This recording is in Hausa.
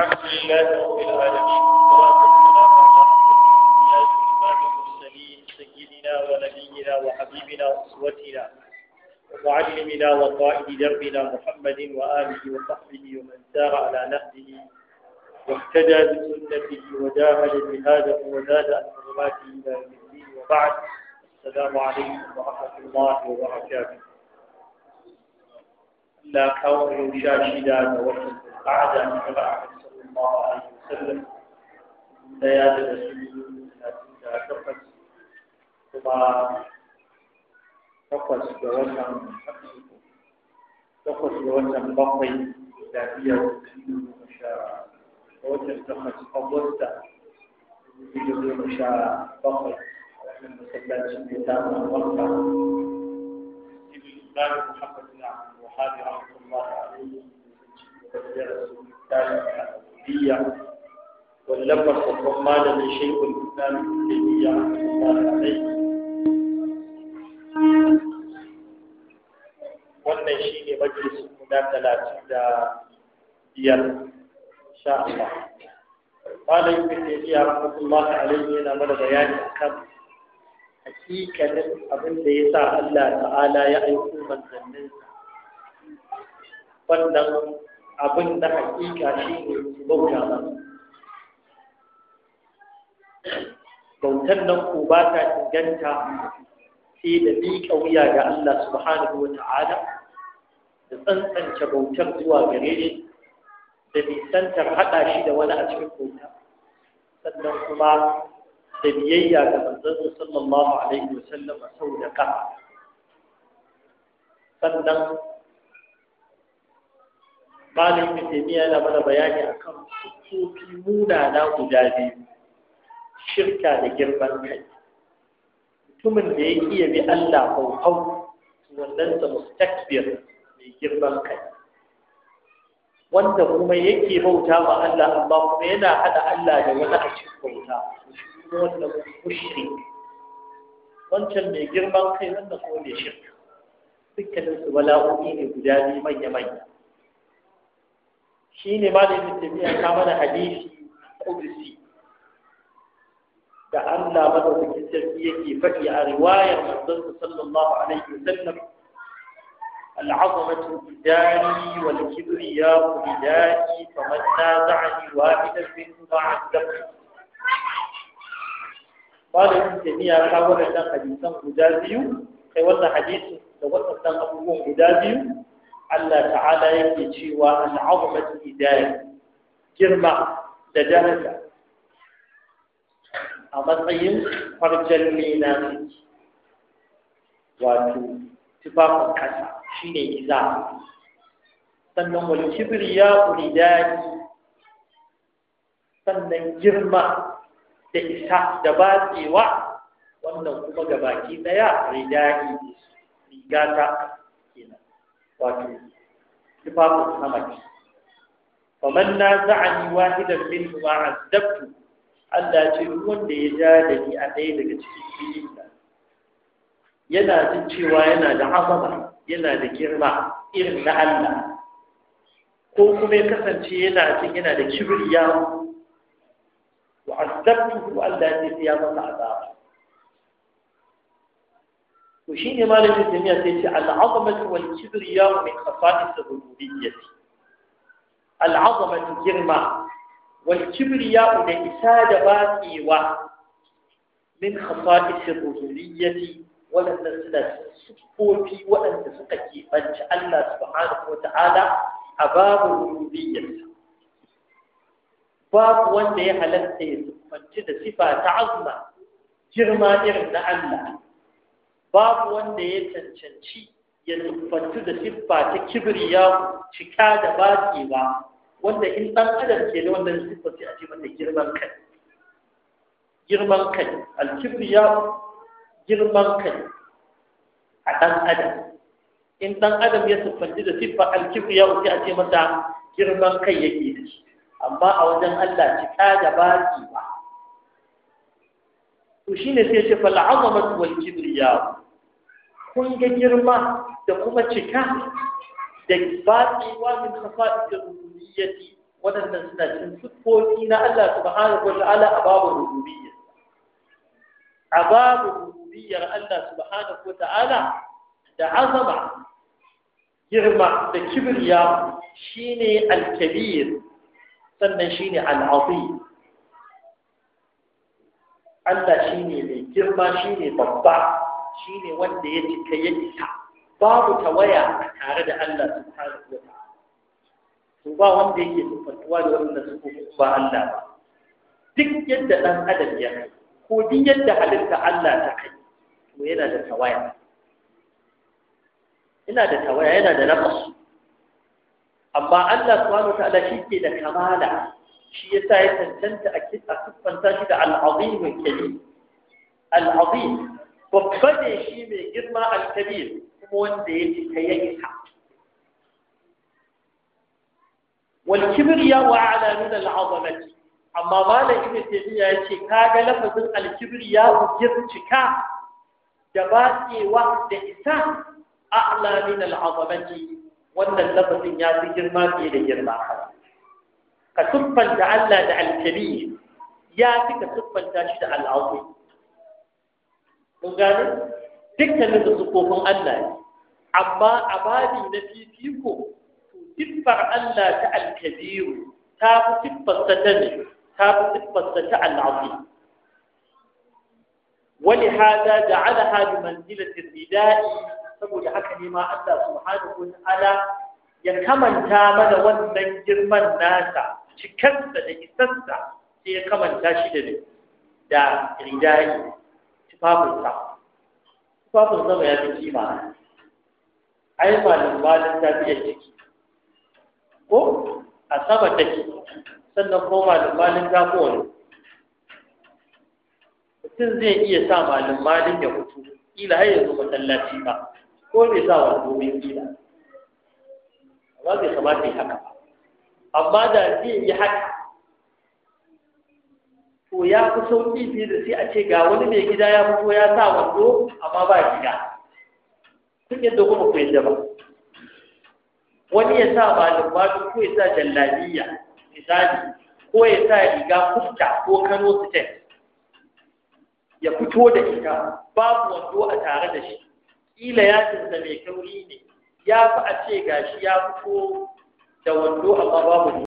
الحمد لله رب العالمين سيدنا ونبينا وحبيبنا وأسوتنا ومعلمنا وقائد دربنا محمد وآله وصحبه ومن سار على نهجه واهتدى بسنته وجاهد بهذا وزاد عن حرماته إلى يوم الدين وبعد السلام عليكم ورحمة الله وبركاته لا كون شاشدا وحسن قعدا شرع الله عليه وسلم ليات الرسول تقص طبعا تقص بوسم تقص بوسم بقي ذاتية ومشاعر وجه تقص أبوستا وجه مشاعر بقي من مسلات الكتاب والقرآن ابن الإسلام محمد بن عبد الوهاب رحمه الله عليه وسلم الحديبية واللمة الرحمن لشيخ الإسلام ابن تيمية الله wannan shi ne majalisun guda talatin da biyar sha Allah. Malam Ibn Taymiyyah rahmatullahi alaihi yana mana bayani akan hakikanin abin da ya sa Allah ta'ala ya aiko manzanninsa. Wannan abin da hakika shi ne bauta ba Bautar nan ko ba ta inganta sai da bi wuya ga Allah subhanahu wa ta'ala da tsantsance bautar zuwa gare shi da nisantar haɗa shi da wani a cikin bauta sannan kuma da biyayya ga manzon sallallahu alaihi wa sallam sau da ƙafa sannan malam ibn taymiya yana mana bayani a kan akan sufi na guda biyu shirka da girman kai mutumin da ya iya bi Allah hauhau wannan sa mustakbir mai girman kai wanda kuma yake bauta ma Allah amma kuma yana hada Allah da wani a cikin bauta wanda mushrik wancan mai girman kai wanda ko mai shirka dukkanin su bala'o'i ne guda biyu manya-manya shi ne ma da ibn tabiya ka mana hadisi kudusi da Allah madaukakin sarki yake faɗi a riwayar manzon sallallahu alaihi wasallam العظمة بداني والكبرياء بداني فمن نازعني واحدا منهما عذبني قال ابن تيمية guda biyu. حديثا مجازي أي ولا حديث لو وصلت guda biyu. Allah ta'ala yake cewa al'azmat hidayah girma da daraja a matsayin farjan lena wato tufafin kasa shi ne iza sannan wal kibriya hidayah sannan girma da isa da batsewa wannan kuma gabaki daya ridani rigata wato tufafin na mace man na za'ani wahidan min ma azdabtu Allah ce wanda ya ja da ni a ɗaya daga cikin filin da yana jin cewa yana da azama yana da girma irin na Allah ko kuma ya kasance yana jin yana da kibriya wa azdabtu Allah ce ya masa azaba to shi ne malamin jami'a sai ce al'azamatu wal kibriya min khasa'is rububiyyah al'azamatu girma wal kibriya da isa da batsewa min khasa'is rububiyyah waɗannan suna sufofi waɗanda suka keɓanci Allah subhanahu wa ta'ala a babu rububiyyarsa babu wanda ya halatta ya siffanci da sifa ta azma girma irin na Allah babu wanda ya cancanci ya tuffantu da siffa ta kibriya cika da baki ba wanda in ɗan adam ke da wannan siffa sai a ce mata girman kai girman kai ya girman kai a ɗan adam in ɗan adam ya tuffantu da siffa ya sai a ce mata girman kai yake da shi amma a wajen Allah cika da baki ba to shine sai ce fal azamat wal kibriya kun ga girma da kuma cika da batsiwa min khafa'id rububiyyati wadannan suna cikin siffofi na Allah subhanahu wa ta'ala a babu rububiyya a babu rububiyyar Allah subhanahu wa ta'ala da azama girma da kibriya shine al-kabir sannan shine al-azim Allah shi ne mai girma shi ne babba shi ne wanda ya cika ya isa babu tawaya tare da Allah subhanahu fara zuwa. su ba wanda yake tufantuwa da wannan su ba Allah ba duk yadda ɗan adam ya kai ko duk yadda halitta Allah ta kai to yana da tawaya yana da tawaya yana da nafsu amma Allah subhanahu wa ta'ala shi ke da kamala shi ya sa ya cancanta a siffanta shi da al'azimin kabir al'azim babba ne shi mai girma al-kabir kuma wanda ya ci ta yanka wal kibriya wa ala min amma malam ibn taymiya ya ce kaga lafazin al-kibriya cika da batsewa da isa a'la min al-azamati wannan lafazin ya fi girma fiye da girma ka siffanta Allah da alkali ya fi ka siffanta shi da al'afu mun gane dukkanin da sukofin Allah ne amma a babi na fifiko siffar Allah ta alkabiru ta fi siffarsa ta ne ta fi siffarsa ta al'afu ولهذا جعلها بمنزلة الرداء saboda haka ne ma Allah subhanahu wataala ya kamanta mana wannan girman nasa Cikarsa da isarsa sai ya kamanta shi da da ridayi tufafinsa tufafin zama ya fi kima ai malin malin ta fiye ciki ko a sama take sannan ko malin malin ta kowane mutum zai iya sa malin malin ya hutu kila har yanzu masallaci ba ko bai sa wani domin kila ba zai kamata ya haka ba amma da zai yi haka to ya fi sauƙi fiye da sai a ce ga wani mai gida ya fito ya sa wando amma ba gida kun yadda kuma ku yadda ba wani ya sa malin duk ko ya sa jallabiya misali ko ya sa riga kufta ko kano sitet ya fito da ita babu wando a tare da shi kila ya tunza mai kauri ne ya fi a ce gashi ya fito تولوها الأرامل